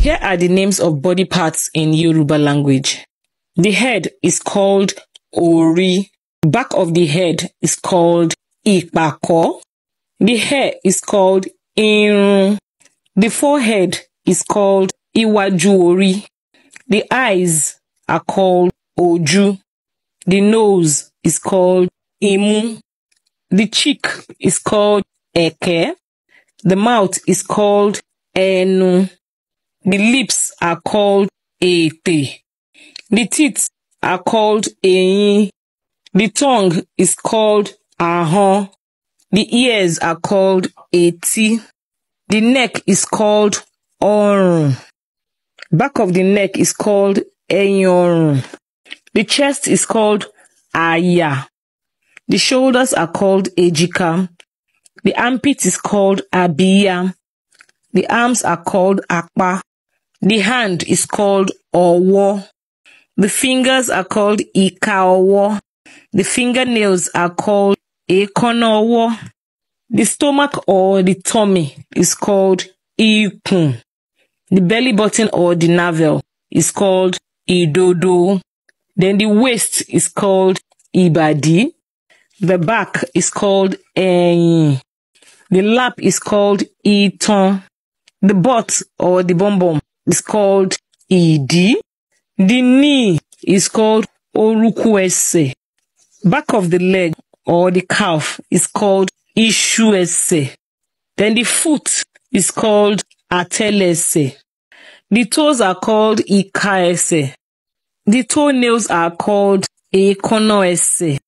Here are the names of body parts in Yoruba language. The head is called Ori. Back of the head is called Ipako. The hair is called iru. The forehead is called Iwajuori. The eyes are called Oju. The nose is called Imu. The cheek is called Eke. The mouth is called Enu. The lips are called ètè. The teeth are called eyín. The tongue is called ahọ́n. The ears are called etí. The neck is called ọrùn. Back of the neck is called ẹ̀yìn ọrùn. The chest is called àyà. The shoulders are called èjìká. The armpit is called abíyá. The arms are called apá. The hand is called ọwọ́. The fingers are called ìka ọwọ́. The fingernails are called èékánná ọwọ́. The stomach or the tummy is called ikùn. The belly button or the navel is called idodo. Then the waist is called ibadi. The back is called ẹ̀yìn. The lap is called itan. The butt or the bum bum is called ìdí. The knee is called orúnkún Back of the leg or the calf is called iṣu Then the foot is called àtẹ́lẹsẹ̀. The toes are called ìka The toenails are called èékánná